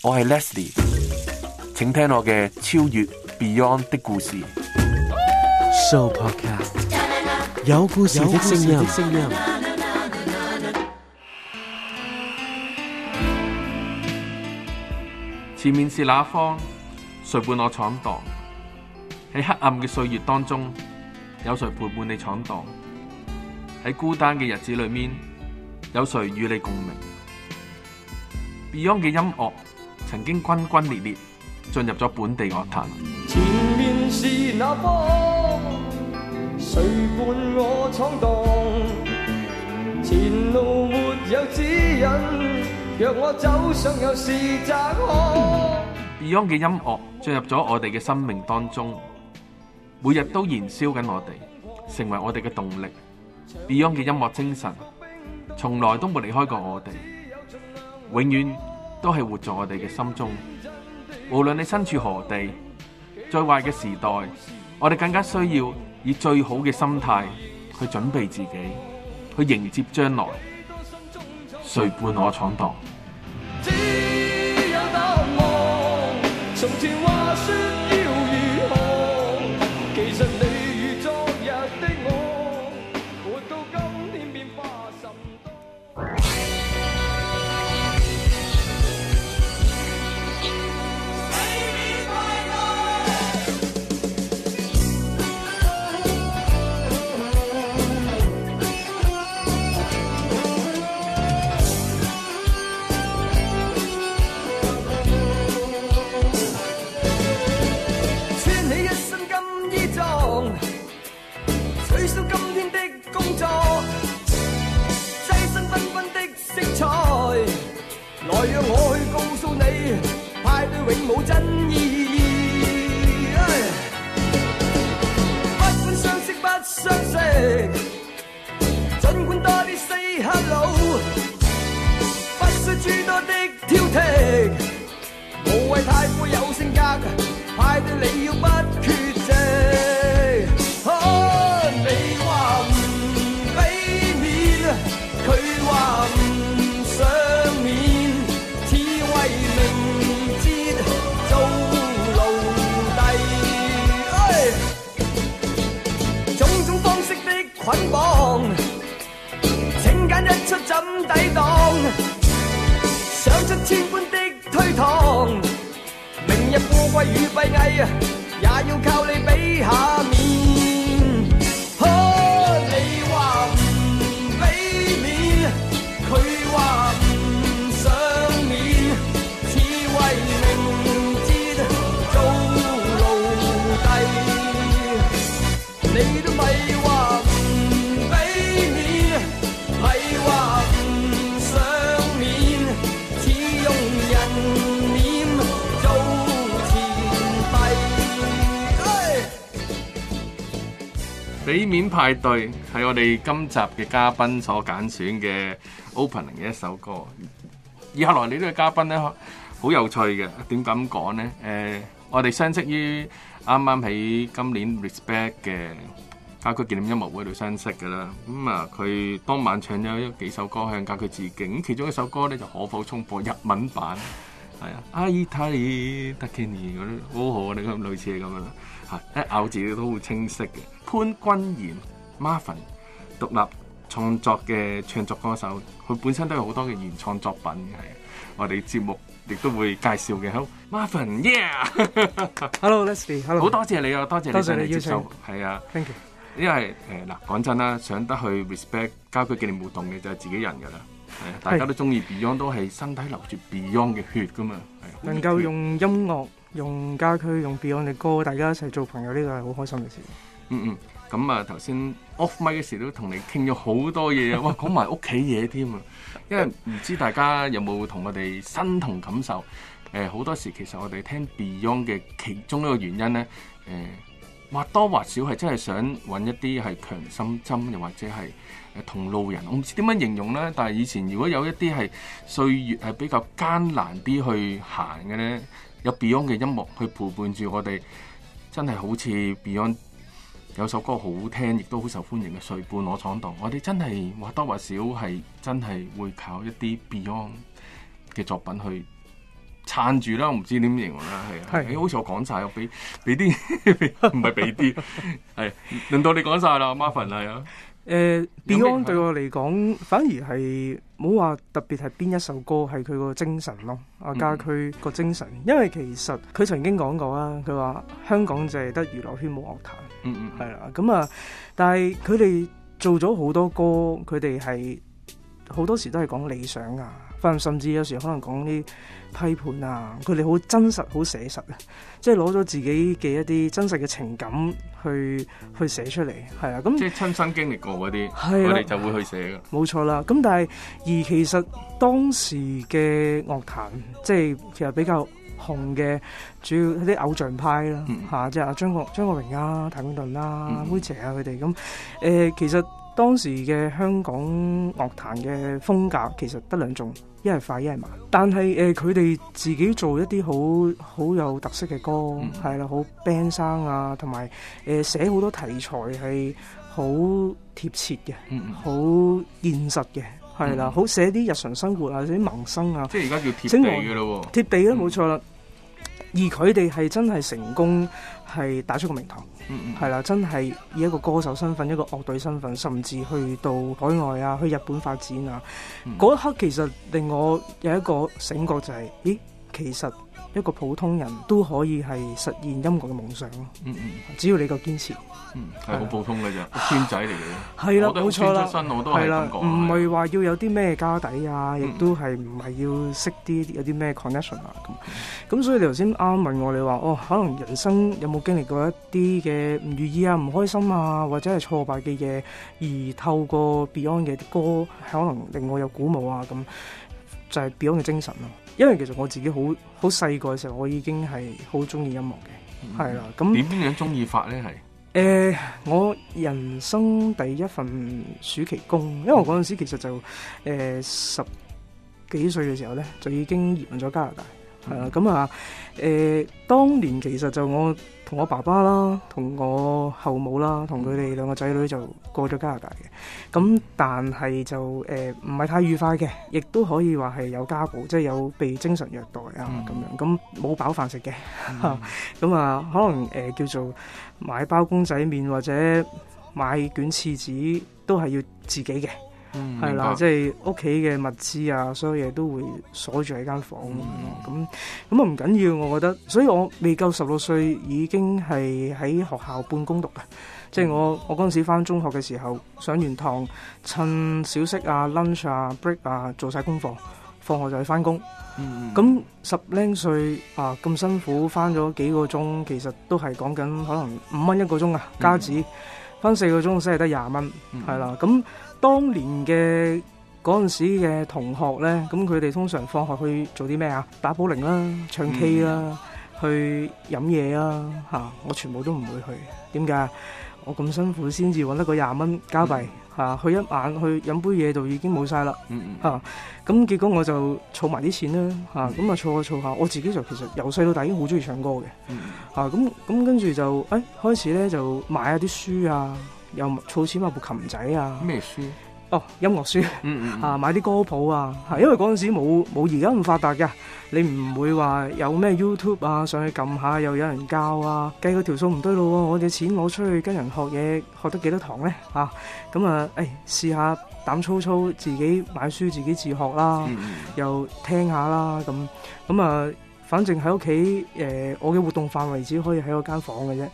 我係 Leslie，請聽我嘅超越 Beyond 的故事 Show Podcast，有故事的聲音。前面是那方？誰伴我闖蕩？喺黑暗嘅歲月當中，有誰陪伴你闖蕩？喺孤單嘅日子裏面，有誰與你共鳴？Beyond 嘅音樂。曾經轟轟烈烈進入咗本地樂壇，Beyond 嘅音樂進入咗我哋嘅生命當中，每日都燃燒緊我哋，成為我哋嘅動力。Beyond 嘅音樂精神從來都冇離開過我哋，永遠。都係活在我哋嘅心中，無論你身處何地，最壞嘅時代，我哋更加需要以最好嘅心態去準備自己，去迎接將來。誰伴我闖蕩？派對係我哋今集嘅嘉賓所揀選嘅 opening 嘅一首歌。而後來你呢個嘉賓咧，好有趣嘅。點咁講咧？誒，我哋相識於啱啱喺今年 respect 嘅家駒紀念音樂會度相識噶啦。咁啊，佢當晚唱咗幾首歌向家駒致敬。咁其中一首歌咧就可否衝破日文版？係啊，阿爾泰達基尼嗰啲，好好啊，啲咁類似咁樣。吓、嗯，一咬字都好清晰嘅。潘君賢，Marvin，獨立創作嘅唱作歌手，佢本身都有好多嘅原創作品嘅。我哋節目亦都會介紹嘅。好，Marvin，yeah，hello，let's be，hello，好多謝你啊，多謝你上節目，係啊，thank you。因為誒嗱，講、呃、真啦，想得去 respect 家駒紀念活動嘅就係自己人㗎啦。係啊，大家都中意 Beyond，都係身體流住 Beyond 嘅血㗎嘛。係能夠用音樂。用家駒用 Beyond 嘅歌，大家一齊做朋友，呢個係好開心嘅事。嗯嗯，咁啊，頭先 off 麥嘅時都同你傾咗好多嘢啊，講埋屋企嘢添啊。因為唔知大家有冇同我哋身同感受？誒、呃，好多時其實我哋聽 Beyond 嘅其中一個原因咧，誒、呃，或多或少係真係想揾一啲係強心針，又或者係誒同路人。我唔知點樣形容咧，但係以前如果有一啲係歲月係比較艱難啲去行嘅咧。有 Beyond 嘅音樂去陪伴住我哋，真係好似 Beyond 有首歌好聽，亦都好受歡迎嘅《睡伴我闖蕩》。我哋真係或多或少係真係會靠一啲 Beyond 嘅作品去撐住啦、啊哎。我唔知點形容啦，係因為好似我講晒，我俾俾啲唔係俾啲，係輪到你講晒啦，Marvin 啊，誒、呃嗯、Beyond、啊、對我嚟講反而係。冇好話特別係邊一首歌係佢個精神咯，阿家駒個精神、嗯，因為其實佢曾經講過啦，佢話香港就係得娛樂圈冇樂壇，嗯嗯，係啦，咁、嗯、啊，但係佢哋做咗好多歌，佢哋係好多時都係講理想啊。甚至有時可能講啲批判啊，佢哋好真實、好寫實啊，即係攞咗自己嘅一啲真實嘅情感去去寫出嚟，係啊，咁即係親身經歷過嗰啲，佢哋、啊、就會去寫嘅。冇錯啦，咁但係而其實當時嘅樂壇，即係其實比較紅嘅，主要啲偶像派啦，吓、嗯，即、啊、係、就是、張國張國榮啊、譚詠麟啦、梅、嗯、姐啊佢哋咁，誒其實當時嘅香港樂壇嘅風格其實得兩種，一係快，一係慢。但係誒，佢、呃、哋自己做一啲好好有特色嘅歌，係、嗯、啦，好 band 生啊，同埋誒寫好多題材係好貼切嘅，好、嗯、現實嘅，係啦，好、嗯、寫啲日常生活啊，寫啲民生啊。即係而家叫貼地嘅咯喎，貼地都冇錯啦、嗯。而佢哋係真係成功。係打出個名堂，係、嗯、啦、嗯，真係以一個歌手身份、一個樂隊身份，甚至去到海外啊，去日本發展啊，嗰、嗯、刻其實令我有一個醒覺，就係、是，咦，其實。一個普通人都可以係實現音樂嘅夢想咯。嗯嗯，只要你夠堅持。嗯，係好普通嘅啫，僆、啊、仔嚟嘅。係、啊啊、啦，冇錯啦。係啦，唔係話要有啲咩家底啊，亦、嗯、都係唔係要識啲有啲咩 connection 啊咁。咁、嗯、所以你頭先啱問我你話，哦，可能人生有冇經歷過一啲嘅唔如意啊、唔開心啊，或者係挫敗嘅嘢，而透過 Beyond 嘅啲歌可能令我有鼓舞啊咁。就係、是、表嘅精神咯，因為其實我自己好好細個嘅時候，我已經係好中意音樂嘅，係、嗯、啦。咁點樣中意法咧？係、呃、誒，我人生第一份暑期工，因為嗰陣時其實就誒、呃、十幾歲嘅時候咧，就已經移民咗加拿大，係啦。咁啊誒，當年其實就我。同我爸爸啦，同我後母啦，同佢哋兩個仔女就過咗加拿大嘅。咁但係就誒唔係太愉快嘅，亦都可以話係有家暴，即係有被精神虐待啊咁、嗯、樣。咁冇飽飯食嘅，咁啊、嗯 呃、可能、呃、叫做買包公仔麵或者買卷廁紙都係要自己嘅。係、mm -hmm. 啦，即係屋企嘅物資啊，所有嘢都會鎖住喺間房咁樣囉。咁、mm -hmm. 啊唔緊要，我覺得，所以我未夠十六歲已經係喺學校半工讀嘅。Mm -hmm. 即係我我嗰陣時翻中學嘅時候，上完堂，趁小息啊、lunch 啊、break 啊做晒功課，放學就去翻工。咁、mm -hmm. 十零歲啊咁辛苦翻咗幾個鐘，其實都係講緊可能五蚊一個鐘啊，mm -hmm. 加紙翻四個鐘先係得廿蚊，係、mm -hmm. 啦咁。當年嘅嗰陣時嘅同學咧，咁佢哋通常放學去做啲咩啊？打保齡啦，唱 K、嗯、啦，去飲嘢啊！嚇，我全部都唔會去。點解？我咁辛苦先至揾得個廿蚊加幣，嚇、嗯啊，去一晚去飲杯嘢就已經冇晒啦。嗯嗯。嚇、啊，咁結果我就儲埋啲錢啦。嚇、啊，咁啊儲下儲下，我自己就其實由細到大已經好中意唱歌嘅。嗯咁咁、啊、跟住就，哎，開始咧就買下啲書啊。又儲錢買部琴仔啊！咩書？哦，音樂書。嗯嗯，啊，買啲歌譜啊，因為嗰陣時冇冇而家咁發達㗎。你唔會話有咩 YouTube 啊，上去撳下又有人教啊，計個條數唔對路啊，我嘅錢攞出去跟人學嘢，學得幾多堂咧？咁啊，誒、啊，哎、試下膽粗粗自己買書，自己自學啦，嗯嗯又聽下啦，咁咁啊～反正喺屋企，誒、呃，我嘅活動範圍只可以喺我間房嘅啫。咁、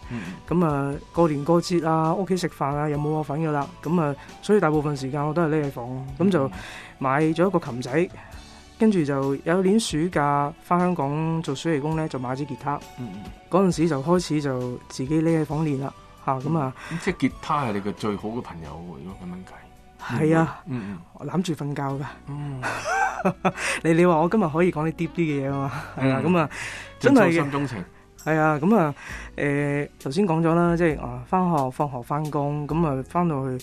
嗯、啊，過年過節啊，屋企食飯啊，又冇我份噶啦。咁啊，所以大部分時間我都係匿喺房。咁、嗯、就買咗一個琴仔，跟住就有一年暑假翻香港做暑期工咧，就買了支吉他。嗰、嗯、陣時就開始就自己匿喺房練啦。嚇，咁啊，啊嗯、即係吉他係你嘅最好嘅朋友喎，如果咁樣計。係啊，mm -hmm. 我攬住瞓覺噶、mm -hmm. 你你話我今日可以講啲 deep 啲嘅嘢啊嘛，係啊，咁、mm -hmm. 嗯嗯嗯就是、啊，真係。心中情。係啊，咁啊，誒頭先講咗啦，即係啊，翻學放學翻工，咁啊翻到去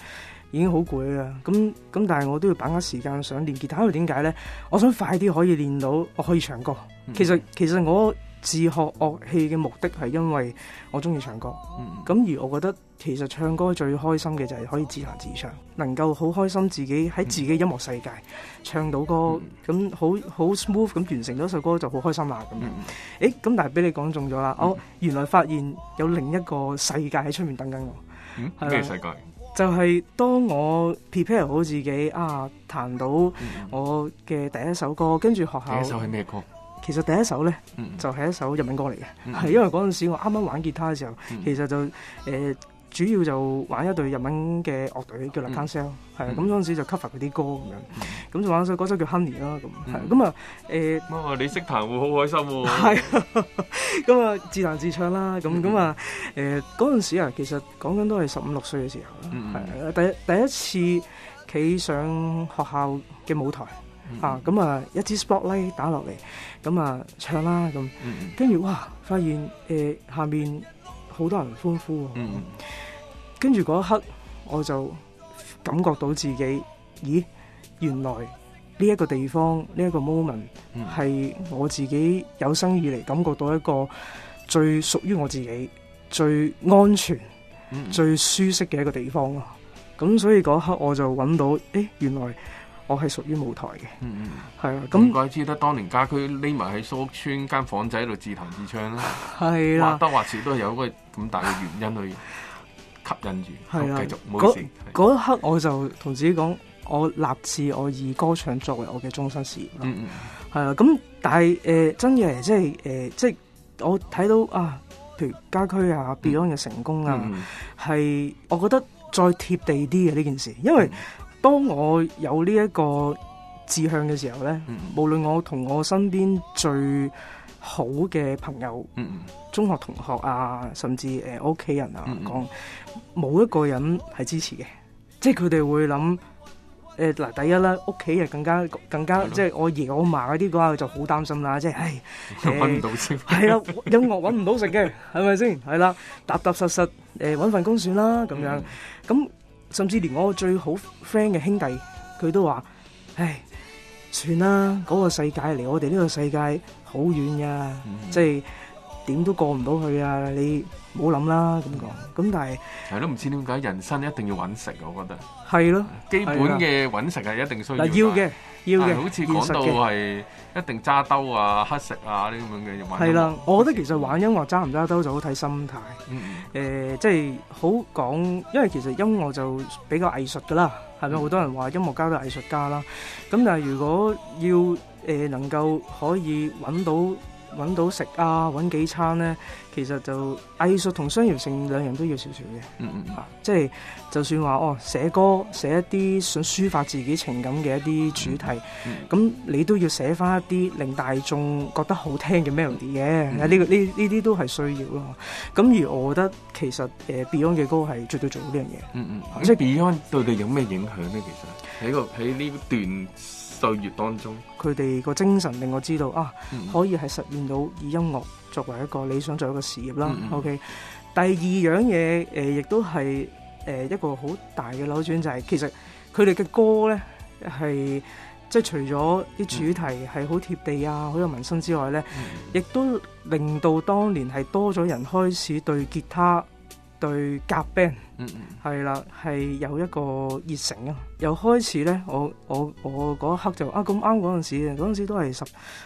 已經好攰啊。咁咁但係我都要把握時間想練吉他，因為點解咧？我想快啲可以練到，我可以唱歌。Mm -hmm. 其實其實我。自學樂器嘅目的係因為我中意唱歌，咁、嗯、而我覺得其實唱歌最開心嘅就係可以自彈自唱，嗯、能夠好開心自己喺自己音樂世界唱到歌，咁好好 smooth 咁完成咗一首歌就好開心啦。咁、嗯，誒，咁、嗯、但係俾你講中咗啦、嗯，我原來發現有另一個世界喺出面等緊我，咩、嗯啊、世界？就係、是、當我 prepare 好自己啊，彈到我嘅第一首歌，跟住學校第一首係咩歌？其實第一首咧、嗯、就係、是、一首日文歌嚟嘅，係、嗯、因為嗰陣時我啱啱玩吉他嘅時候、嗯，其實就誒、呃、主要就玩一隊日文嘅樂隊叫 L'Arc~en~Ciel，係、嗯、咁嗰陣、嗯、時就 cover 佢啲歌咁樣，咁、嗯、就玩首歌就叫 Honey 啦，咁係、嗯呃、啊，咁啊誒，你識彈喎，好開心喎、啊，係、啊，咁 啊自彈自唱啦，咁咁啊誒嗰陣時啊，其實講緊都係十五六歲嘅時候啦，係、嗯、啊，第一第一次企上學校嘅舞台。啊，咁啊一支 spotlight 打落嚟，咁啊唱啦咁，跟住、嗯嗯、哇，發現、呃、下面好多人歡呼，跟住嗰一刻我就感覺到自己，咦，原來呢一個地方，呢、這、一個 moment 係、嗯嗯、我自己有生以嚟感覺到一個最屬於我自己、最安全、嗯嗯最舒適嘅一個地方啊。咁所以嗰一刻我就揾到，誒、欸、原來。我係屬於舞台嘅，嗯嗯，係啊，咁唔怪知得當年家駒匿埋喺蘇屋村間房仔度自彈自唱啦，係啦、啊，或多或少都係有一個咁大嘅原因去吸引住，係啊，嗰、哦、嗰、啊、一刻我就同自己講，我立志我以歌唱作為我嘅終身事業，嗯嗯，係啊，咁但係誒、呃、真嘅，即係誒、呃、即係我睇到啊，譬如家駒啊 Beyond 嘅成功啊，係、嗯嗯、我覺得再貼地啲嘅呢件事，因為，嗯當我有呢一個志向嘅時候咧，無論我同我身邊最好嘅朋友、中學同學啊，甚至誒屋企人啊講，冇一個人係支持嘅，即係佢哋會諗誒嗱，第一啦，屋企人更加更加，即係我爺我嫲嗰啲嘅話就好擔心啦，即係唉，搵唔到食，係啦，音樂搵唔到食嘅，係咪先？係啦，踏踏實實誒搵份工算啦，咁樣咁。甚至連我最好 friend 嘅兄弟，佢都話：唉，算啦，嗰個世界離我哋呢個世界好遠噶，即係點都過唔到去啊！你冇諗啦，咁講。咁但係係咯，唔知點解人生一定要搵食，我覺得係咯，基本嘅搵食係一定需要。嗱，要嘅。要嘅，好似講到係一定揸兜啊、乞食啊呢咁樣嘅嘢。係啦，我覺得其實玩音樂揸唔揸兜就好睇心態。嗯，即係、呃就是、好講，因為其實音樂就比較藝術㗎啦，係咪？好、嗯、多人話音樂家都係藝術家啦。咁但係如果要誒、呃、能夠可以揾到。揾到食啊，揾幾餐咧、啊，其實就藝術同商業性兩樣都要少少嘅。嗯嗯，啊，即係就算話哦，寫歌寫一啲想抒發自己情感嘅一啲主題，咁、嗯嗯、你都要寫翻一啲令大眾覺得好聽嘅 melody 嘅。呢個呢呢啲都係需要咯。咁而我覺得其實誒、呃、Beyond 嘅歌係絕對做到呢樣嘢。嗯嗯，即係 Beyond 對你有咩影響咧？其實喺個喺呢段。就業當中，佢哋個精神令我知道啊，mm -hmm. 可以係實現到以音樂作為一個理想，作為一個事業啦。Mm -hmm. OK，第二樣嘢誒，亦、呃、都係誒、呃、一個好大嘅扭轉，就係、是、其實佢哋嘅歌呢，係即係除咗啲主題係好貼地啊，好、mm -hmm. 有民生之外呢，亦、mm -hmm. 都令到當年係多咗人開始對吉他，對夾 band，嗯係、嗯、啦，係有一個熱誠啊。又開始咧，我我我嗰一刻就啊咁啱嗰陣時，嗰陣時都係十，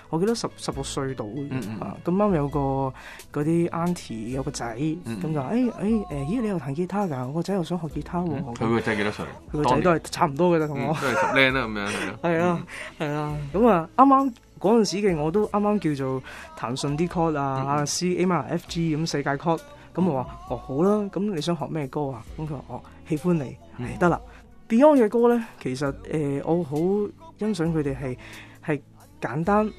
我記得十十六歲到、嗯嗯、啊。咁啱有個嗰啲 auntie 有個仔，咁、嗯嗯、就誒誒誒，咦你又彈吉他㗎？我個仔又想學吉他喎、啊。佢個仔幾多歲？佢個仔都係差唔多嘅啦，同我，嗯 嗯 嗯、我都係十靚啦咁樣，係啊，係啊。咁啊，啱啱嗰陣時嘅我都啱啱叫做彈順啲 chord 啊嗯嗯，C Am F G 咁世界 chord。咁我話哦好啦，咁你想學咩歌啊？咁佢話哦喜歡你，得、嗯、啦、哎。Beyond 嘅歌咧，其實誒、呃、我好欣賞佢哋係係簡單，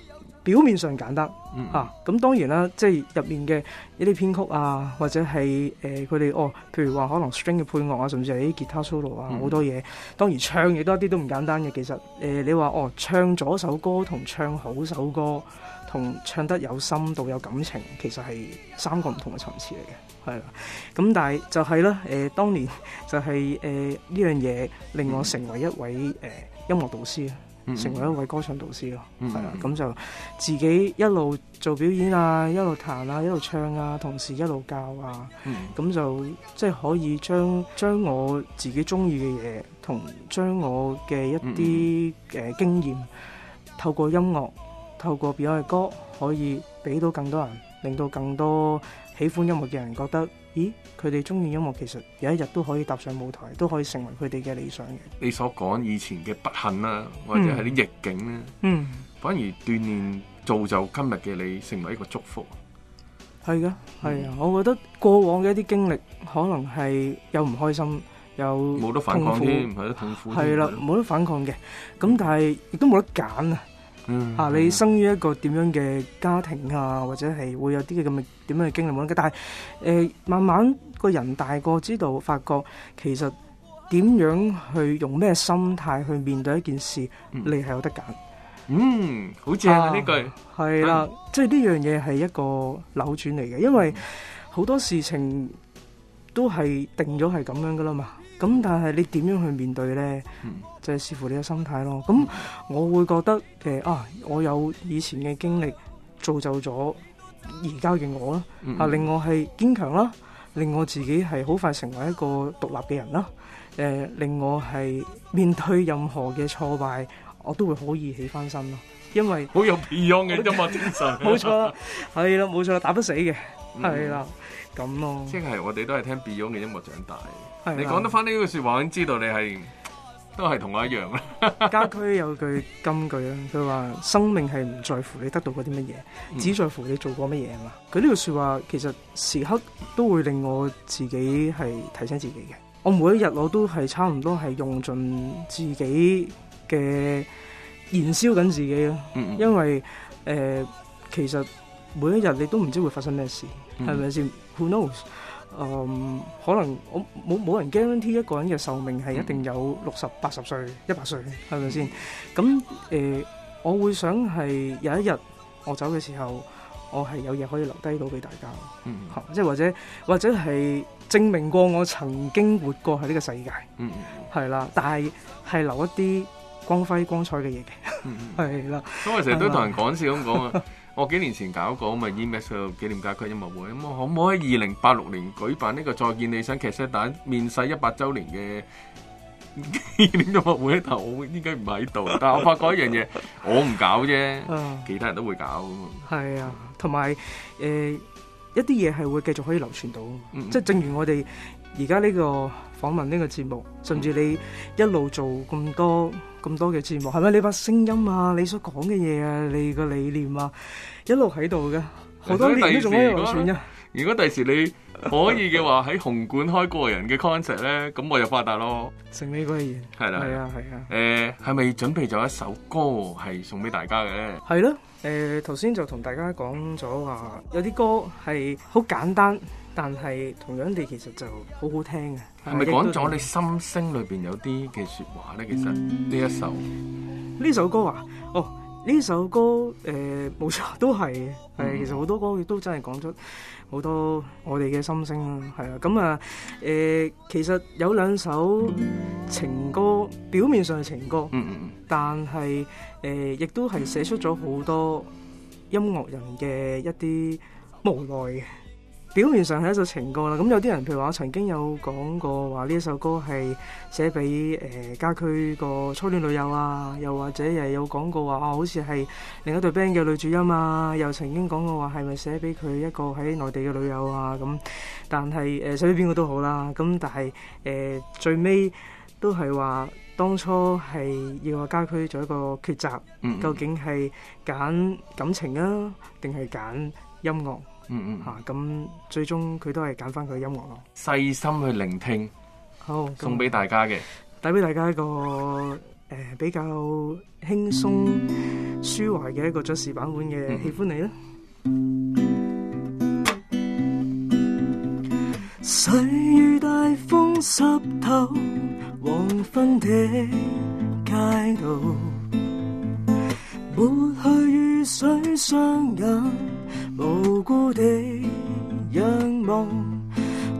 表面上簡單吓，咁、嗯啊、當然啦，即係入面嘅一啲編曲啊，或者係誒佢哋哦，譬如話可能 string 嘅配樂啊，甚至係啲吉他 solo 啊，好多嘢、嗯。當然唱嘢多啲都唔簡單嘅。其實誒、呃、你話哦唱咗首歌同唱好首歌同唱得有深度有感情，其實係三個唔同嘅層次嚟嘅。係啦、啊，咁但係就係啦，誒、呃，當年就係誒呢樣嘢令我成為一位誒、mm -hmm. 呃、音樂導師啊，mm -hmm. 成為一位歌唱導師咯，係、mm、啦 -hmm. 啊，咁就自己一路做表演啊，一路彈啊，一路唱啊，同時一路教啊，咁、mm -hmm. 就即係、就是、可以將將我自己中意嘅嘢同將我嘅一啲誒、mm -hmm. 呃、經驗透過音樂，透過表演嘅歌，可以俾到更多人，令到更多喜歡音樂嘅人覺得，咦，佢哋中意音樂，其實有一日都可以踏上舞台，都可以成為佢哋嘅理想嘅。你所講以前嘅不幸啦，或者係啲逆境咧，嗯，反而鍛鍊造就今日嘅你，成為一個祝福。係噶，係啊，我覺得過往嘅一啲經歷，可能係有唔開心，有冇得反抗添，係咯，痛苦，係啦，冇得反抗嘅，咁但係亦都冇得揀啊。吓、嗯啊、你生於一個點樣嘅家庭啊，或者係會有啲嘅咁嘅點樣嘅經歷冇但係誒、呃、慢慢個人大個知道，發覺其實點樣去用咩心態去面對一件事，嗯、你係有得揀。嗯，好正啊，呢句係啦、啊，即係呢樣嘢係一個扭轉嚟嘅，因為好多事情都係定咗係咁樣噶啦嘛。咁但係你點樣去面對呢？就視乎你嘅心態咯。咁我會覺得其實啊，我有以前嘅經歷造就咗而家嘅我啦。啊，令我係堅強啦，令我自己係好快成為一個獨立嘅人啦。誒，令我係面對任何嘅挫敗，我都會好易起翻身咯。因為好有 Beyond 嘅音樂精神，冇錯，係啦，冇錯，打不死嘅，係啦，咁咯。即係我哋都係聽 Beyond 嘅音樂長大。你講得翻呢句說話，我已經知道你係都係同我一樣啦。 家駒有句金句啦，佢話生命係唔在乎你得到嗰啲乜嘢，只在乎你做過乜嘢啊嘛。佢、嗯、呢句說話，其實時刻都會令我自己係提醒自己嘅。我每一日我都係差唔多係用盡自己嘅燃燒緊自己咯、嗯嗯。因為誒、呃，其實每一日你都唔知會發生咩事，係咪先？Who knows？嗯，可能我冇冇人 guarantee 一個人嘅壽命係一定有六十八十歲、一百歲，係咪先？咁、嗯、誒、呃，我會想係有一日我走嘅時候，我係有嘢可以留低到俾大家，嗯，即、嗯、係或者或者係證明過我曾經活過去呢個世界，嗯，係、嗯、啦，但係係留一啲光輝光彩嘅嘢嘅，嗯嗯，係啦，所以我成日都同人講、嗯、笑咁講啊。我幾年前搞過咪 EMS 紀念家區音樂會，咁我可唔可以喺二零八六年舉辦呢個再見理想劇社誕面世一百週年嘅紀念音樂會？但係我應該唔喺度。但係我發覺一樣嘢，我唔搞啫，其他人都會搞。係啊，同埋誒一啲嘢係會繼續可以流傳到，即係正如我哋而家呢個訪問呢個節目，甚至你一路做咁多。咁多嘅節目，係咪你把聲音啊、你所講嘅嘢啊、你個理念啊，一路喺度嘅，好多年都仲喺度存嘅。如果第時你可以嘅話，喺紅館開個人嘅 concert 咧，咁我就發達咯。承你貴言，係啦，係啊，係啊。誒，係咪準備咗一首歌係送俾大家嘅？係咯，誒，頭先就同大家講咗話，有啲歌係好簡單，但係同樣地其實就好好聽嘅。係咪講咗你心聲裏邊有啲嘅説話咧？其實呢一首呢首歌啊，哦，呢首歌誒冇錯，都係係其實好多歌亦都真係講咗好多我哋嘅心聲啦，係啊，咁啊誒，其實有兩首情歌，表面上係情歌，嗯嗯嗯，但係誒亦都係寫出咗好多音樂人嘅一啲無奈嘅。表面上係一首情歌啦，咁、嗯、有啲人譬如話我曾經有講過話呢一首歌係寫俾誒、呃、家驅個初戀女友啊，又或者又有講過話哦、啊、好似係另一對 band 嘅女主音啊，又曾經講過話係咪寫俾佢一個喺內地嘅女友啊咁、嗯，但係誒、呃、寫俾邊個都好啦，咁、嗯、但係誒、呃、最尾都係話當初係要阿家駒做一個抉擇，嗯、究竟係揀感情啊定係揀音樂？嗯嗯吓，咁最終佢都係揀翻佢音樂咯。細心去聆聽，好送俾大家嘅，帶俾大家一個誒比較輕鬆舒懷嘅一個爵士版本嘅《喜歡你》咧。細雨大風濕透黃昏的街道，抹去雨水雙眼。無辜地仰望，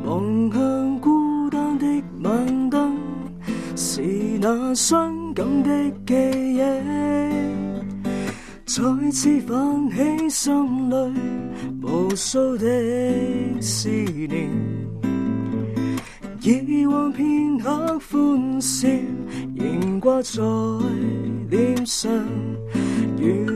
望向孤單的晚燈，是那傷感的記憶，再次泛起心裏無數的思念。以往片刻歡笑，仍掛在臉上。願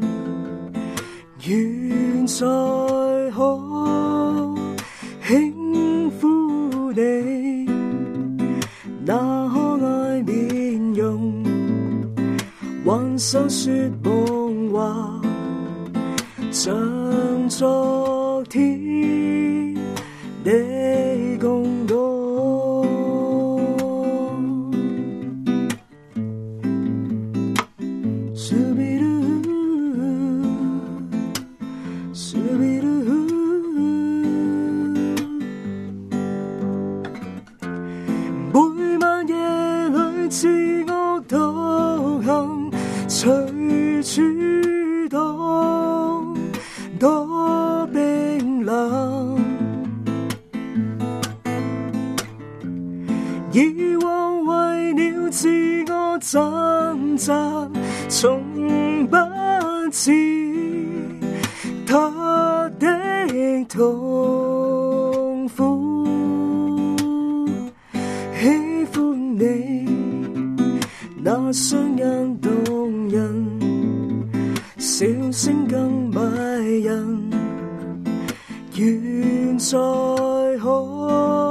願再可輕撫你那可愛面容，挽手說夢話，像昨天的你。從不知他的痛苦。喜歡你那雙眼動人，笑聲更迷人，願再可。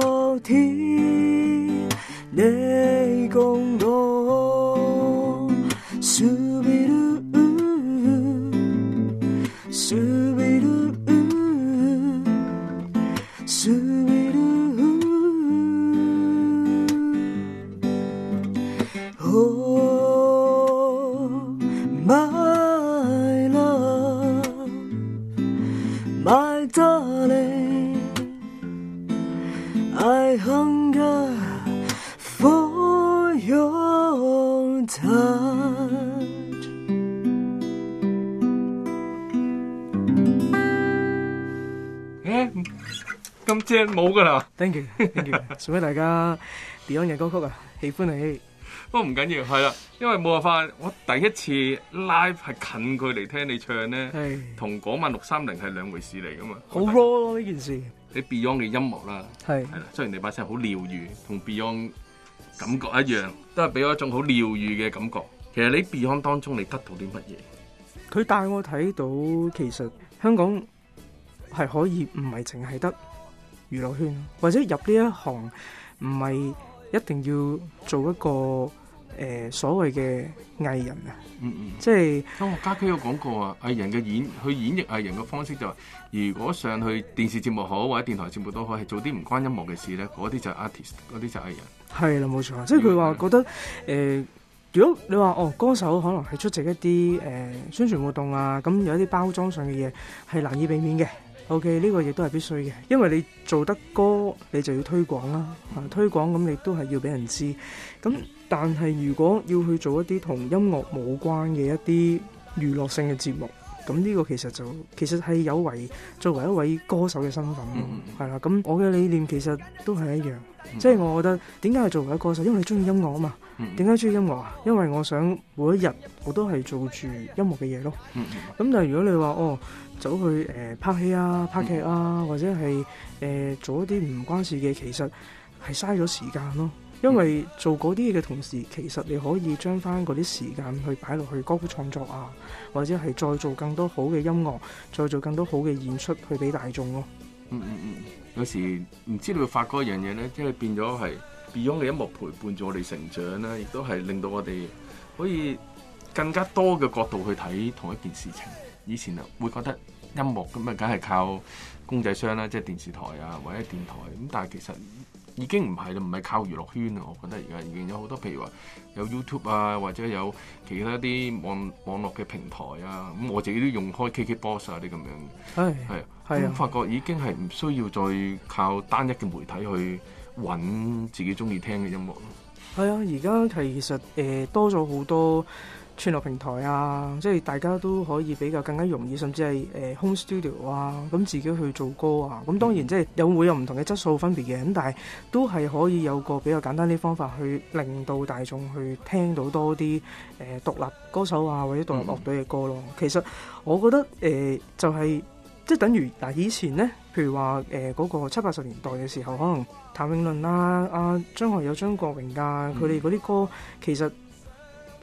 送俾大家 Beyond 嘅歌曲啊，喜歡你。不過唔緊要，係啦，因為冇辦法，我第一次 live 係近距離聽你唱咧，同嗰晚六三零係兩回事嚟噶嘛。好 raw 咯呢件事。你 Beyond 嘅音樂啦、啊，係係啦，雖然你把聲好療愈，同 Beyond 感覺一樣，都係俾我一種好療愈嘅感覺。其實你 Beyond 當中你得到啲乜嘢？佢帶我睇到，其實香港係可以，唔係淨係得。娛樂圈，或者入呢一行唔係一定要做一個誒所謂嘅藝人啊，嗯嗯，即係。咁我家駒有講過啊，藝人嘅演，佢演繹藝人嘅方式就係，如果上去電視節目好或者電台節目都好，係做啲唔關音樂嘅事咧，嗰啲就係 artist，嗰啲就係藝人。係啦，冇錯，即係佢話覺得誒，如果你話哦，歌手可能係出席一啲誒宣傳活動啊，咁有一啲包裝上嘅嘢係難以避免嘅。O.K. 呢個亦都係必須嘅，因為你做得歌，你就要推廣啦。啊，推廣咁亦都係要俾人知。咁但係如果要去做一啲同音樂無關嘅一啲娛樂性嘅節目，咁呢個其實就其實係有違作為一位歌手嘅身份。嗯嗯。係啦，嗯，咁我嘅理念其實都係一樣，即係、嗯、嗯、我覺得點解係作為一位歌手，因為你中意音樂啊嘛。點解中意音樂啊？因為我想每一日我都係做住音樂嘅嘢咯。咁、嗯、但係如果你話哦，走去誒、呃、拍戲啊、拍劇啊，嗯、或者係誒、呃、做一啲唔關事嘅，其實係嘥咗時間咯。因為做嗰啲嘢嘅同時，其實你可以將翻嗰啲時間去擺落去歌曲創作啊，或者係再做更多好嘅音樂，再做更多好嘅演出去俾大眾咯。嗯嗯嗯，有時唔知道你會發覺一樣嘢咧，即、就、係、是、變咗係。Beyond 嘅音樂陪伴住我哋成長啦、啊，亦都係令到我哋可以更加多嘅角度去睇同一件事情。以前啊，會覺得音樂咁啊，梗係靠公仔箱啦、啊，即係電視台啊，或者電台。咁但係其實已經唔係啦，唔係靠娛樂圈啊，我覺得而家已經有好多，譬如話有 YouTube 啊，或者有其他啲網網絡嘅平台啊。咁我自己都用開 KKBox 啊啲咁樣，係係咁我發覺已經係唔需要再靠單一嘅媒體去。揾自己中意聽嘅音樂咯，係啊！而家其實誒、呃、多咗好多串流平台啊，即係大家都可以比較更加容易，甚至係誒、呃、Home Studio 啊，咁自己去做歌啊。咁當然、嗯、即係有會有唔同嘅質素分別嘅，咁但係都係可以有個比較簡單啲方法去令到大眾去聽到多啲誒、呃、獨立歌手啊或者獨立樂隊嘅歌咯、啊嗯。其實我覺得誒、呃、就係、是。即係等於嗱，以前咧，譬如話誒嗰個七八十年代嘅時候，可能譚詠麟啦、阿張學友、張國榮啊，佢哋嗰啲歌，其實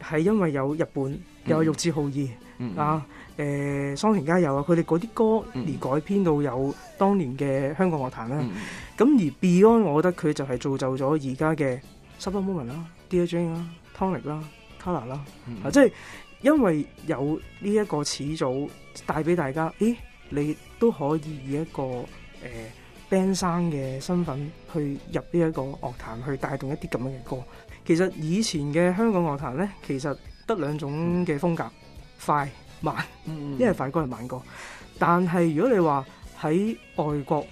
係因為有日本，有玉置浩二、嗯嗯、啊，誒、呃、桑田佳佑啊，佢哋嗰啲歌而改編到有當年嘅香港樂壇咧。咁、嗯、而 Beyond，我覺得佢就係造就咗而家嘅 Supper Moment 啦、啊、Dear Jane、啊、啦、ToNick 啦、Kolor 啦，即係因為有呢一個始祖帶俾大家，咦、欸？你都可以以一個、呃、band 生嘅身份去入呢一個樂壇，去帶動一啲咁樣嘅歌。其實以前嘅香港樂壇咧，其實得兩種嘅風格，嗯、快慢，因為快歌，一係慢歌。嗯嗯、但係如果你話喺外國，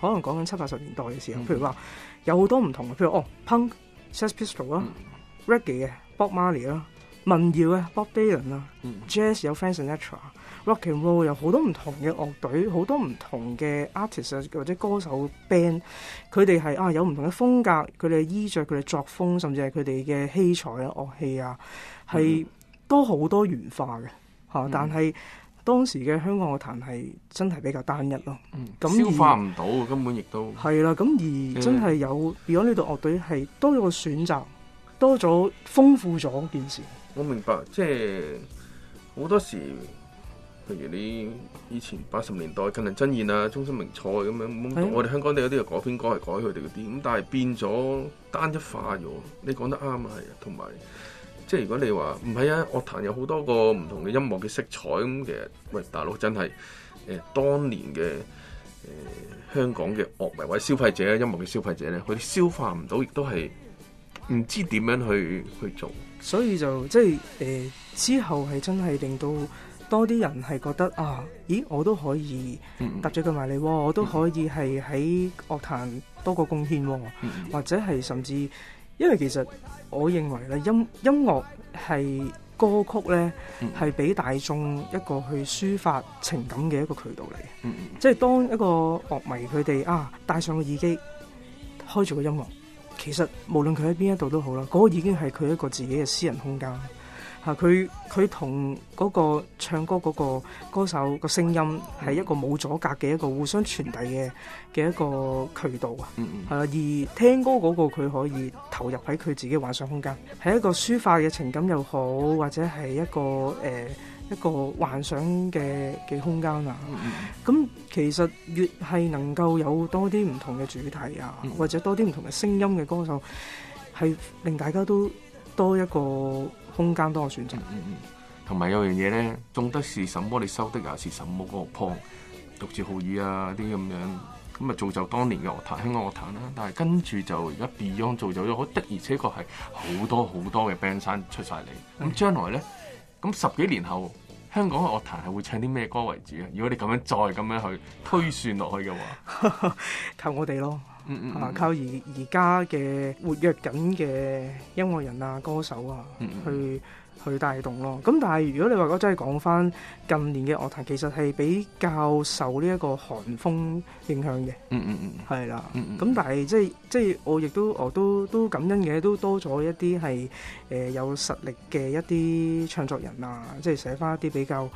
可能講緊七八十年代嘅時候，譬如話有好多唔同嘅，譬如,說譬如哦 Punk Pistol,、嗯、Sex Pistols 啦、Reggae 嘅 Bob Marley 啦。民謠啊，Bob Dylan 啊，jazz 有 fans and extra rock and roll 有好多唔同嘅樂隊，好多唔同嘅 artist、啊、或者歌手 band，佢哋係啊有唔同嘅風格，佢哋嘅衣着，佢哋嘅作風，甚至係佢哋嘅器材啊樂器啊，係都好多元化嘅嚇、啊嗯。但係當時嘅香港樂壇係真係比較單一咯。咁、嗯、消化唔到，根本亦都係啦。咁而真係有、嗯、如果呢度樂隊係多咗個選擇，多咗豐富咗件事。我明白，即係好多時，譬如你以前八十年代近藤真彥啊、中森明菜咁樣，我哋香港地嗰啲改編改歌改佢哋嗰啲，咁但係變咗單一化咗。你講得啱啊，係啊，同埋即係如果你話唔係啊，樂壇有好多個唔同嘅音樂嘅色彩咁，其實喂，大佬真係誒、呃、當年嘅誒、呃、香港嘅樂迷或者消費者音樂嘅消費者咧，佢消化唔到，亦都係。唔知點樣去去做，所以就即係誒、呃、之後係真係令到多啲人係覺得啊，咦，我都可以搭咗佢埋嚟喎，我都可以係喺樂壇多個貢獻喎、嗯，或者係甚至，因為其實我認為咧，音音樂係歌曲咧係俾大眾一個去抒發情感嘅一個渠道嚟嘅、嗯嗯，即係當一個樂迷佢哋啊戴上個耳機，開住個音樂。其實無論佢喺邊一度都好啦，嗰個已經係佢一個自己嘅私人空間嚇。佢佢同嗰個唱歌嗰個歌手個聲音係一個冇阻隔嘅一個互相傳遞嘅嘅一個渠道啊。嗯嗯。誒，而聽歌嗰個佢可以投入喺佢自己幻想空間，係一個抒發嘅情感又好，或者係一個誒。呃一個幻想嘅嘅空間啊！咁、嗯、其實越係能夠有多啲唔同嘅主題啊，嗯、或者多啲唔同嘅聲音嘅歌手，係令大家都多一個空間，多個選擇。嗯嗯。同、嗯、埋有樣嘢咧，種得是什麼？你收得又是什麼？個龐獨自浩爾啊！啲咁樣咁啊，造就，就當年嘅樂壇香港樂壇啦。但係跟住就而家 Beyond 造就咗，好的而且確係好多好多嘅 band 生出晒嚟。咁、嗯、將來咧？咁十幾年後，香港嘅樂壇係會唱啲咩歌為主啊？如果你咁樣再咁樣去推算落去嘅話， 靠我哋咯，同埋，嗯嗯嗯，靠而而家嘅活躍緊嘅音樂人啊、歌手啊去。去帶動咯，咁但係如果你話我真係講翻近年嘅樂壇，其實係比較受呢一個韓風影響嘅。嗯嗯嗯，係啦。咁、嗯嗯、但係即係即係我亦都我都都感恩嘅，都多咗一啲係、呃、有實力嘅一啲唱作人啊，即係寫翻一啲比較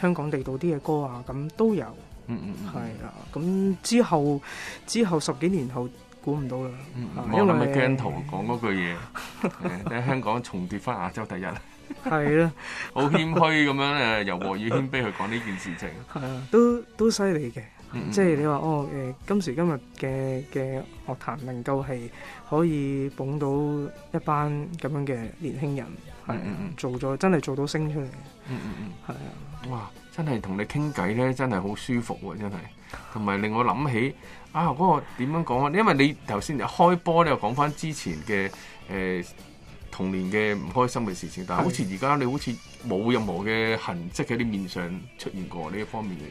香港地道啲嘅歌啊，咁都有。嗯嗯，係啦。咁之後之後十幾年後估唔到啦、嗯嗯。我好咁嘅鏡頭講嗰句嘢，喺、 哎、香港重奪翻亞洲第一。係啦、啊，好 謙虛咁樣誒， 由和諧謙卑去講呢件事情，係啊，都都犀利嘅，即係你話哦誒、呃，今時今日嘅嘅樂壇能夠係可以捧到一班咁樣嘅年輕人，係、啊嗯嗯、做咗真係做到星出嚟，嗯嗯嗯，係啊，哇，真係同你傾偈咧，真係好舒服喎、啊，真係，同埋令我諗起啊嗰、嗰個點樣講啊，因為你頭先開波你又講返之前嘅誒。呃童年嘅唔開心嘅事情，但係好似而家你好似冇任何嘅痕跡喺你面上出現過呢一方面嘅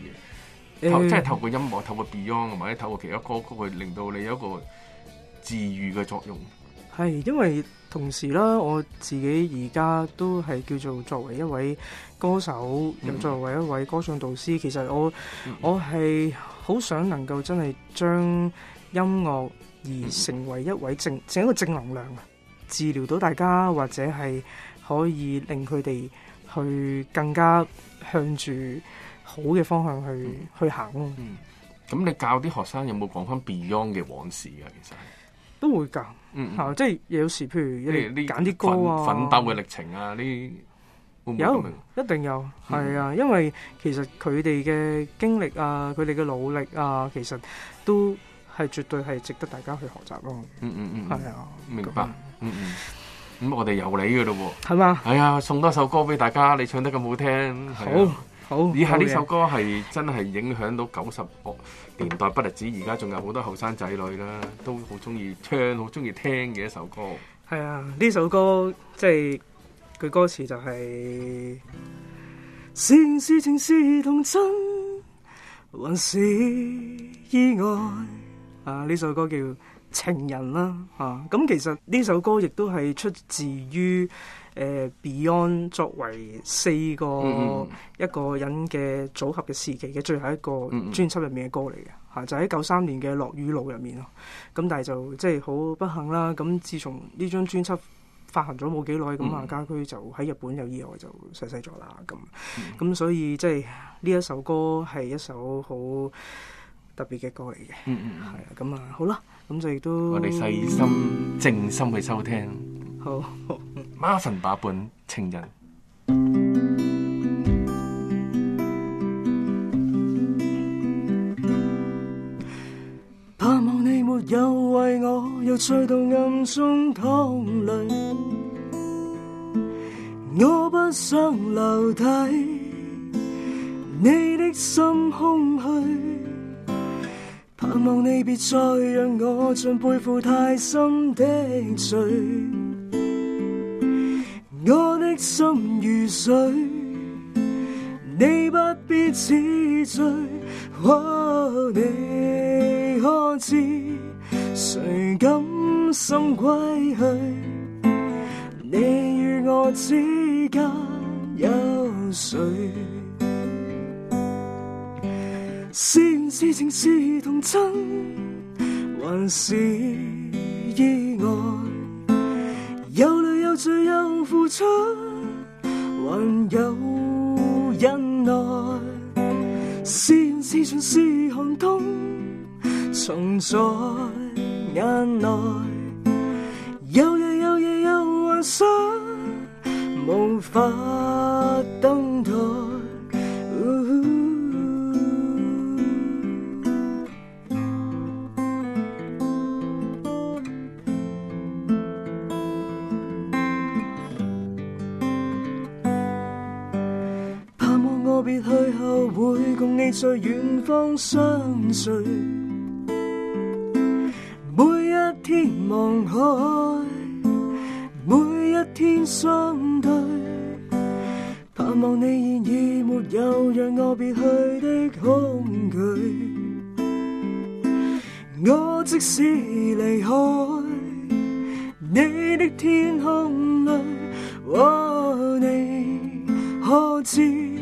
嘢，即係透過音樂、透過 Beyond 或者透過其他歌曲去令到你有一個治癒嘅作用。係，因為同時啦，我自己而家都係叫做作為一位歌手，咁作為一位歌唱導師，其實我我係好想能夠真係將音樂而成為一位正一個正能量啊！治療到大家，或者係可以令佢哋去更加向住好嘅方向去、嗯、去行咯、啊。咁、嗯、你教啲學生有冇講翻 Beyond 嘅往事啊？其實都會噶、嗯嗯、即係有時譬如你揀啲歌啊、奮鬥嘅歷程啊，呢會唔會都明？有一定有，係、嗯、啊，因為其實佢哋嘅經歷啊，佢哋嘅努力啊，其實都係絕對係值得大家去學習咯、啊。嗯嗯嗯，嗯，係啊，明白。嗯嗯嗯，咁、嗯、我哋由你噶咯喎，係嘛？哎啊，送多首歌俾大家，你唱得咁好聽，好好，以下呢首歌係真係影響到九十年代不得止，而家仲有好多後生仔女啦，都好中意唱，好中意聽嘅一首歌。係啊，呢首歌即係句歌詞就係、是，是是情是童真，還是意外？啊，呢首歌叫。情人啦嚇，咁、啊、其實呢首歌亦都係出自於、呃、Beyond 作為四個一個人嘅組合嘅時期嘅最後一個專輯入面嘅歌嚟嘅嚇，就喺九三年嘅《樂與怒》入面咯。咁但係就即係好不幸啦。咁自從呢張專輯發行咗冇幾耐，咁啊家駒就喺日本有意外就逝世咗啦。咁咁所以即係呢一首歌係一首好特別嘅歌嚟嘅。嗯嗯，係啊。咁啊，好啦。咁就亦都我哋細心靜心去收聽。好，Marvin 把本情人，盼望你沒有為我又再度暗中淌淚，我不想留低，你的心空虛。盼望你別再讓我像背負太深的罪，我的心如水，你不必癡醉。你可知誰甘心歸去？你與我之間有誰？是緣是情是童真，還是意外？有淚有罪，有付出，還有忍耐。是緣是情是寒冬，藏在眼內。有日有夜有幻想，無法等待。別去後會，會共你在遠方相隨。每一天望海，每一天相對，盼望你現已沒有讓我別去的恐懼。我即使離開你的天空裏，喔、哦，你可知？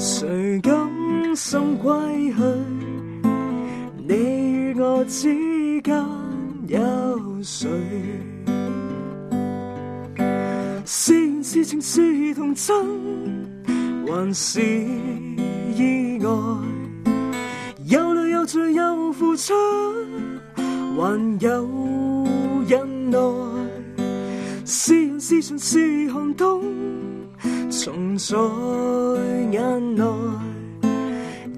誰甘心歸去？你與我之間有誰？是緣是情是童真，還是意外？有淚有罪有付出，還有忍耐。是人是牆是寒冬。重在眼內，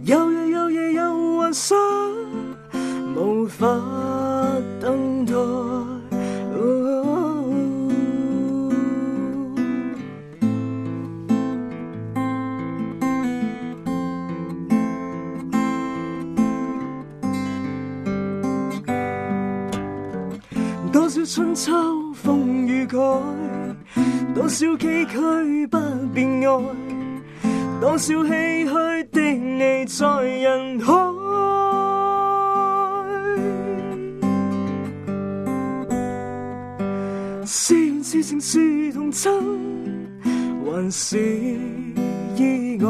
有日有夜有幻想，無法等待。哦哦哦、多少春秋風雨改，多少崎嶇不變愛，多少唏噓的你在人海。 是緣是情是童真，還是意外？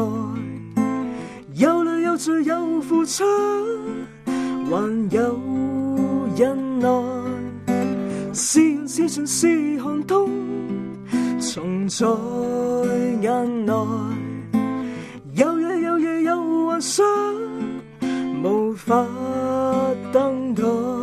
有淚有罪有付出，還是有忍耐。是緣是情是寒冬。重在眼內，有日有夜有幻想，無法等待。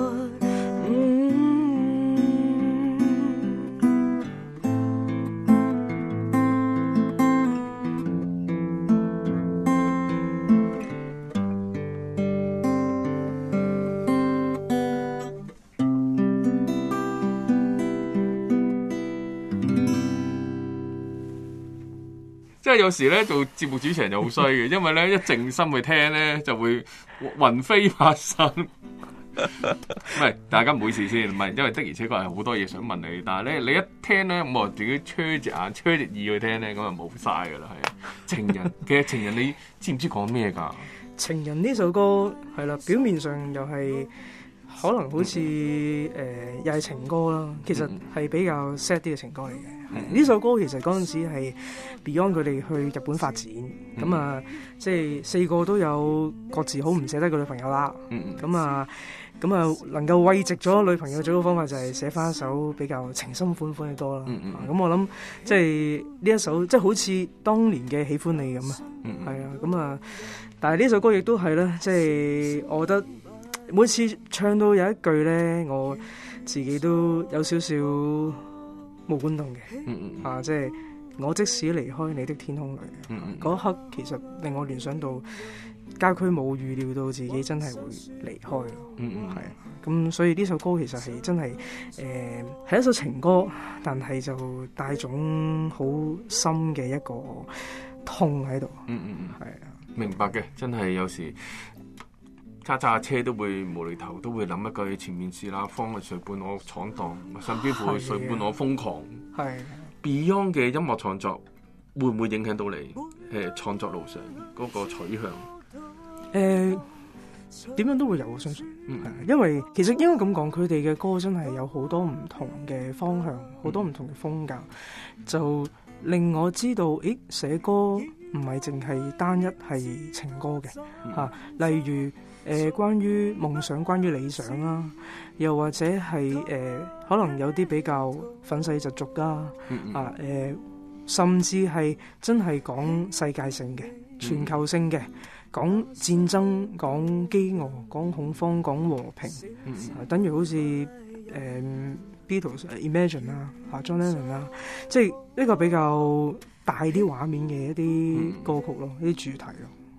即係有時咧做節目主持人就好衰嘅，因為咧一靜心去聽咧就會魂飛魄散。唔 係，大家唔好意思先，唔係因為的而且確係好多嘢想問你，但係咧你一聽咧，我自己吹隻眼、吹隻耳去聽咧，咁就冇晒噶啦，係情人。其實情人你知唔知講咩噶？情人呢首歌係啦，表面上又係。可能好似誒又係情歌啦，其實係比較 sad 啲嘅情歌嚟嘅。呢、mm -hmm. 首歌其實嗰陣時係 Beyond 佢哋去日本發展，咁、mm -hmm. 啊即係四個都有各自好唔捨得嘅女朋友啦。咁、mm -hmm. 啊咁啊能夠慰藉咗女朋友最好方法就係寫翻一首比較情深款款嘅歌啦。咁、mm -hmm. 啊嗯、我諗即係呢一首即係好似當年嘅喜歡你咁、mm -hmm. 啊，係啊。咁啊，但係呢首歌亦都係啦即係我覺得。每次唱到有一句咧，我自己都有少少冇感動嘅，嗯嗯，啊，即係我即使離開你的天空裏，嗯嗯，嗰刻其實令我聯想到，郊區冇預料到自己真係會離開，嗯嗯，係啊，咁所以呢首歌其實係真係，誒，係一首情歌，但係就帶種好深嘅一個痛喺度，嗯嗯，係啊，明白嘅，真係有時。揸揸下車都會無厘頭，都會諗一句前面是哪方，誰伴我闖蕩，甚至乎誰伴我瘋狂。Beyond 嘅音樂創作會唔會影響到你誒創作路上嗰個取向？誒、呃、點樣都會有我相信，因為其實應該咁講，佢哋嘅歌真係有好多唔同嘅方向，好多唔同嘅風格、嗯，就令我知道，誒寫歌，唔係淨係單一係情歌嘅嚇、啊，例如誒、呃、關於夢想、關於理想啦、啊，又或者係誒、呃、可能有啲比較憤世嫉俗啦嚇誒，甚至係真係講世界性嘅、全球性嘅、嗯，講戰爭、講饑餓、講恐慌、講和平，嗯啊、等於好似誒、呃、Beatles、啊、Imagine 啦、啊嗯啊、John Lennon 啦、啊，即係呢個比較。大啲畫面嘅一啲歌曲咯，一、嗯、啲主題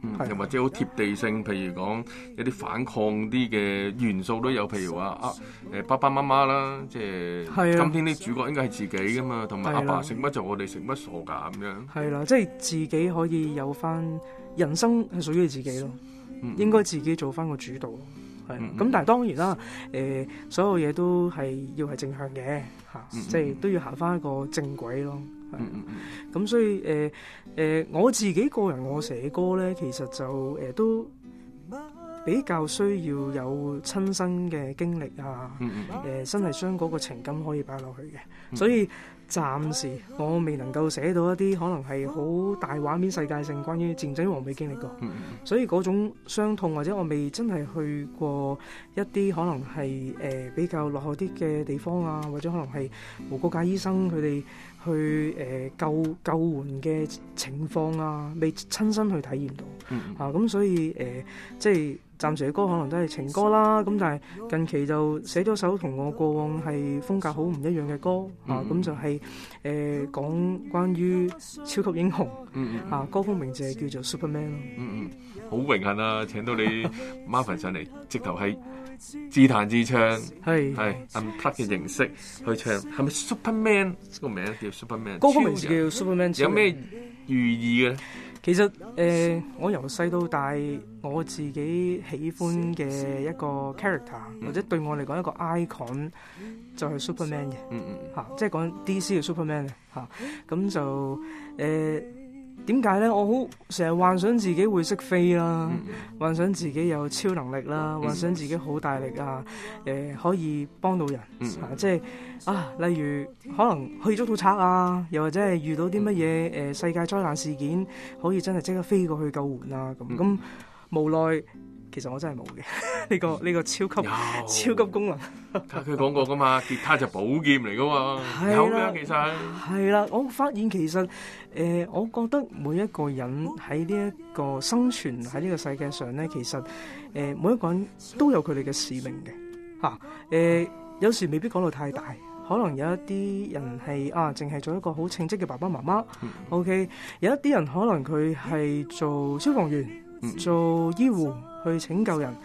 咯，又或者好貼地性，譬如講一啲反抗啲嘅元素都有，譬如話啊，誒爸爸媽媽啦，即係係啊，今天啲主角應該係自己噶嘛，同埋阿爸食乜就我哋食乜傻噶咁樣，係啦，即係自己可以有翻人生係屬於自己咯、嗯嗯，應該自己做翻個主導，係咁，嗯嗯但係當然啦，誒、嗯嗯、所有嘢都係要係正向嘅嚇，即、嗯、係、嗯就是、都要行翻一個正軌咯。嗯咁 所以誒誒、呃呃，我自己個人我寫歌咧，其實就誒、呃、都比較需要有親身嘅經歷啊，誒、 呃、真係將嗰個情感可以擺落去嘅。 所以暫時我未能夠寫到一啲可能係好大，畫面世界性關於戰爭王亡未經歷過， 所以嗰種傷痛或者我未真係去過一啲可能係誒、呃、比較落後啲嘅地方啊，或者可能係無國界醫生佢哋。去誒、呃、救救援嘅情況啊，未親身去體驗到、嗯、啊，咁所以誒、呃、即係。暫時嘅歌可能都係情歌啦，咁但係近期就寫咗首同我過往係風格好唔一樣嘅歌，嗯、啊咁就係、是、誒、呃、講關於超級英雄，嗯嗯、啊歌名就係叫做 Superman 囉。嗯嗯，好榮幸啊，請到你 Marvin 上嚟，直頭係自彈自唱，係係 unplugged 嘅形式去唱，係咪 Superman 個名叫 Superman？歌曲名字叫 Superman，有咩寓意呢？其實誒、呃，我由細到大我自己喜歡嘅一個 character，、嗯、或者對我嚟講一個 icon，就係 Superman 嘅吓，即係講 DC 嘅 Superman 吓、啊，咁就誒。呃點解咧？我好成日幻想自己會識飛啦，啊嗯，幻想自己有超能力啦，啊嗯，幻想自己好大力啊！誒、嗯呃，可以幫到人，嗯啊、即係啊，例如可能可以捉到賊啊，又或者係遇到啲乜嘢誒，世界災難事件，可以真係即刻飛過去救援啦，啊！咁咁、嗯、無奈，其實我真係冇嘅呢個呢、呢個超級超級功能。佢講過噶嘛， 吉他就寶劍嚟噶嘛，有噶其實係。係啦，我發現其實。誒、呃，我覺得每一個人喺呢一個生存喺呢個世界上呢，其實誒、呃，每一個人都有佢哋嘅使命嘅，吓、啊、誒、呃，有時未必講到太大，可能有一啲人係啊，淨係做一個好稱職嘅爸爸媽媽。嗯、OK，有一啲人可能佢係做消防員、嗯，做醫護去拯救人。誒、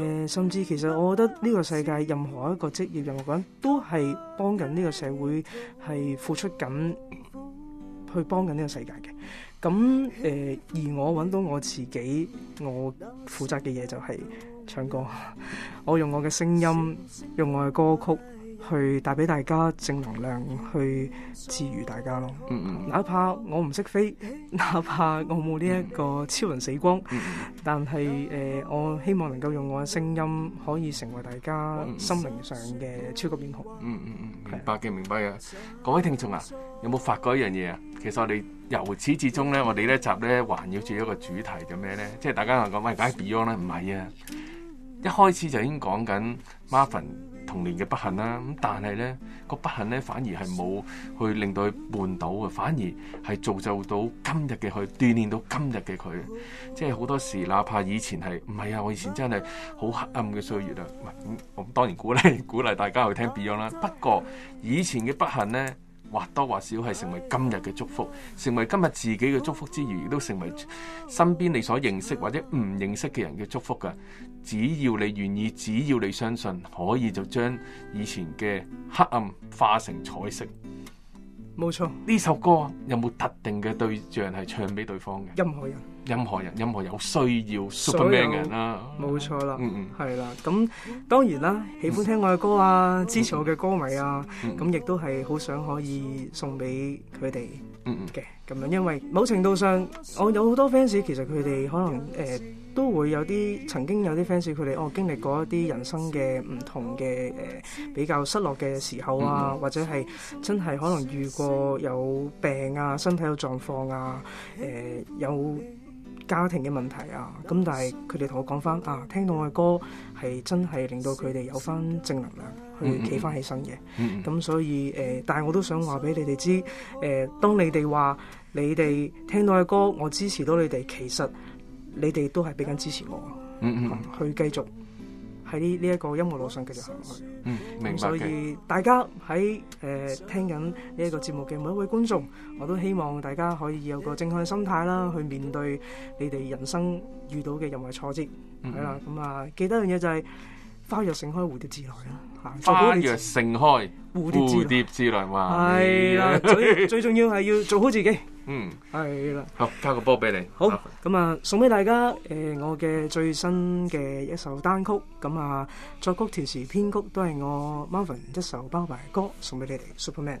呃，甚至其實我覺得呢個世界任何一個職業，任何人都係幫緊呢個社會係付出緊。去幫緊呢個世界嘅，咁，呃，而我揾到我自己，我負責嘅嘢就係唱歌，我用我嘅聲音，用我嘅歌曲。去帶俾大家正能量，去治癒大家咯。嗯嗯，哪怕我唔識飛，哪怕我冇呢一個超人死光，但係，誒，我希望能夠用我嘅聲音，可以成為大家心靈上嘅超級英雄。嗯嗯嗯，係，明白嘅，明白嘅。各位聽眾啊，有冇發覺一樣嘢啊？其實我哋由始至終咧，我哋呢集咧環繞住一個主題，叫咩咧？即係大家可能講，喂，梗係 Beyond 啦，唔係啊，一開始就已經講緊 Marvin。童年嘅不幸啦，咁但係咧，個不幸咧反而係冇去令到佢悶倒嘅，反而係造就到今日嘅佢，鍛煉到今日嘅佢。即係好多時，哪怕以前係唔係啊，我以前真係好黑暗嘅歲月啊。咁我當然鼓勵鼓勵大家去聽 Beyond 啦。不過以前嘅不幸咧，或多或少係成為今日嘅祝福，成為今日自己嘅祝福之餘，亦都成為身邊你所認識或者唔認識嘅人嘅祝福噶。只要你願意，只要你相信，可以就將以前嘅黑暗化成彩色。冇錯，呢首歌有冇特定嘅對象係唱俾對方嘅？任何人，任何人，任何有需要 Superman 嘅人啦，冇錯啦，嗯嗯，係啦。咁當然啦，喜歡聽我嘅歌啊，支持我嘅歌迷啊，咁亦都係好想可以送俾佢哋，嗯嗯嘅咁樣，因為某程度上，我有好多 fans，其實佢哋可能誒。都會有啲曾經有啲 fans 佢哋，哦經歷過一啲人生嘅唔同嘅誒、呃、比較失落嘅時候啊，mm -hmm. 或者係真係可能遇過有病啊、身體有狀況啊、誒、呃、有家庭嘅問題啊，咁但係佢哋同我講翻啊，聽到我嘅歌係真係令到佢哋有翻正能量去企翻起身嘅。咁、mm -hmm. 所以誒、呃，但係我都想話俾你哋知誒，當你哋話你哋聽到嘅歌，我支持到你哋，其實。你哋都係俾緊支持我，嗯嗯，去繼續喺呢呢一個音樂路上繼續行去。嗯，明白。所以大家喺誒聽緊呢一個節目嘅每一位觀眾，我都希望大家可以有個正確嘅心態啦，去面對你哋人生遇到嘅任何挫折。係啦，咁啊，記得一樣嘢就係。花若盛開，蝴蝶自來啦。花若盛開，蝴蝶自來嘛。係啦，最最重要係要做好自己。嗯，係啦。好，交個波俾你。好，咁啊，送俾大家誒，我嘅最新嘅一首單曲。咁啊，作曲、填詞、編曲都係我 Marvin 一手包辦嘅歌，送俾你哋 Superman。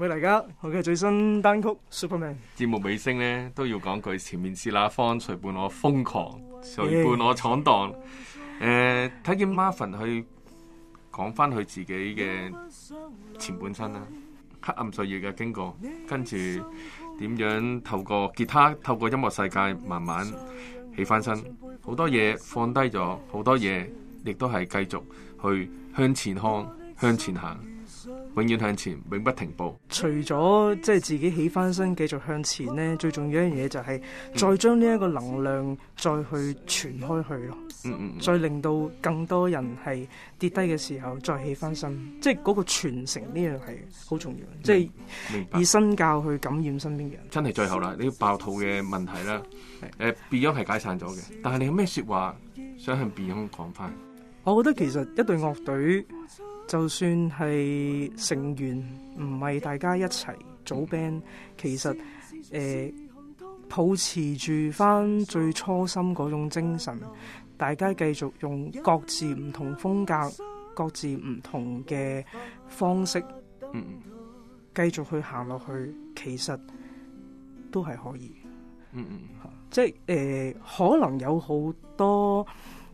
俾大家，我嘅最新單曲 Superman。節目尾聲呢都要講句，前面是那方誰伴我瘋狂，誰伴我闖蕩。誒、yeah. 呃，睇見 Marvin 去講翻佢自己嘅前半生啦，黑暗歲月嘅經過，跟住點樣透過吉他、透過音樂世界慢慢起翻身。好多嘢放低咗，好多嘢亦都係繼續去向前看、向前行。永遠向前，永不停步。除咗即係自己起翻身，繼續向前咧，最重要一樣嘢就係再將呢一個能量再去傳開去咯。嗯嗯，嗯，再令到更多人係跌低嘅時候再起翻身，嗯、即係嗰個傳承呢樣係好重要。即係明白、以身教去感染身邊嘅人。真係最後啦，你要爆肚嘅問題啦。係誒、呃、Beyond 係解散咗嘅，但係你有咩說話想向 Beyond 講翻？我覺得其實一隊樂隊。就算係成員唔係大家一齊組 band，嗯、其實誒保、呃、持住翻最初心嗰種精神，大家繼續用各自唔同風格、各自唔同嘅方式，嗯，繼續去行落去，其實都係可以，嗯嗯，即係、呃、可能有好多。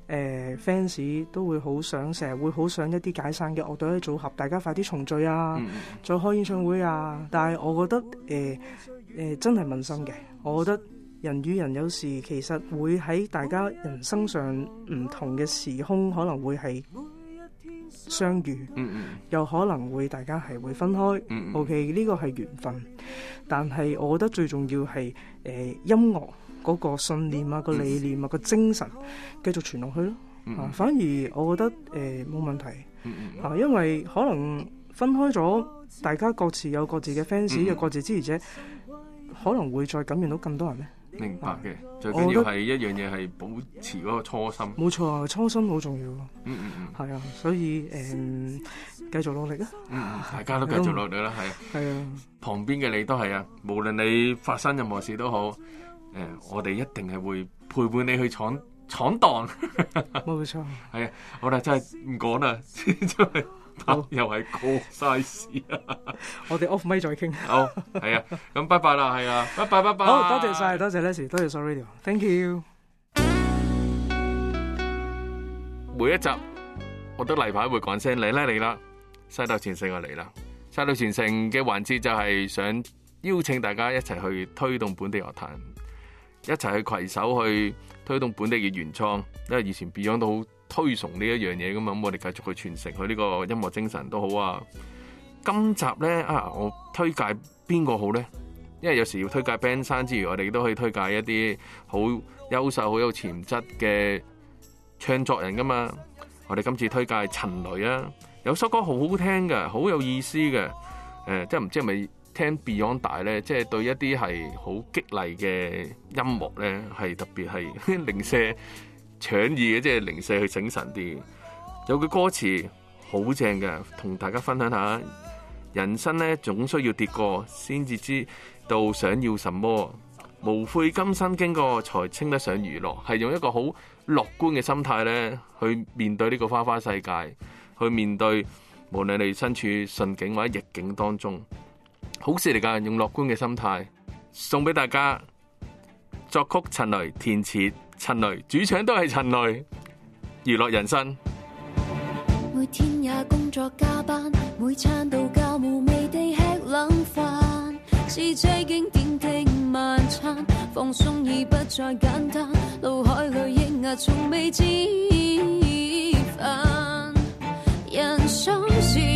誒、呃、fans 都會好想，成日會好想一啲解散嘅樂隊嘅組合，大家快啲重聚啊，mm -hmm. 再開演唱會啊！但係我覺得誒、呃呃、真係問心嘅，我覺得人與人有時其實會喺大家人生上唔同嘅時空，可能會係相遇，mm -hmm. 又可能會大家係會分開。Mm -hmm. OK，呢個係緣分，但係我覺得最重要係誒、呃、音樂。嗰、那個信念啊，那個理念啊，那個精神繼、啊嗯、續傳落去咯、啊。啊、嗯，反而我覺得誒冇、呃、問題、啊。嗯嗯因為可能分開咗，大家各自有各自嘅 fans，、嗯、有各自支持者，可能會再感染到更多人明白嘅、啊。最重要的是覺要係一樣嘢係保持嗰個初心。冇錯、啊、初心好重要、啊。嗯嗯嗯。係啊，所以誒繼、嗯、續努力啊！嗯、大家都繼續努力啦、啊。係。係啊，啊。旁邊嘅你都係啊，無論你發生任何事都好。誒、嗯，我哋一定係會陪伴你去闖闖蕩，冇錯。係 啊，好啦，真係唔講啦，真係又係過晒事啊。我哋 off mic 再傾。好，係啊，咁拜拜啦，係啊， 拜拜拜拜。好多謝晒，多謝 Leslie，多謝 Soul Radio，thank you。每一集我都例牌會講聲嚟啦，嚟啦，西到前城啊嚟啦，西到前城嘅環節就係想邀請大家一齊去推動本地樂壇。一齊去攜手去推動本地嘅原創，因為以前 Beyond 都好推崇呢一樣嘢咁啊！咁我哋繼續去傳承佢呢個音樂精神都好啊。今集咧啊，我推介邊個好咧？因為有時要推介 band 山之餘，我哋都可以推介一啲好優秀、好有潛質嘅唱作人噶嘛。我哋今次推介陳雷啊，有首歌好好聽嘅，好有意思嘅，誒、嗯，即係唔知係咪。聽 Beyond 大咧，即、就、係、是、對一啲係好激勵嘅音樂咧，係特別係零舍搶 耳嘅，即係零舍去醒神啲。有句歌詞好正嘅，同大家分享下。人生咧總需要跌過，先至知道想要什麼。無悔今生經過，才稱得上娛樂。係用一個好樂觀嘅心態咧，去面對呢個花花世界，去面對無論你身處順境或者逆境當中。好事嚟㗎，用樂觀嘅心態送俾大家。作曲陳雷，填詞陳雷，主唱都係陳雷。娛樂人生。每天也工作加班，每餐都較無味地吃冷飯，是最經典的晚餐，放鬆而不再簡單，腦海裏抑壓從未漸散，人生是。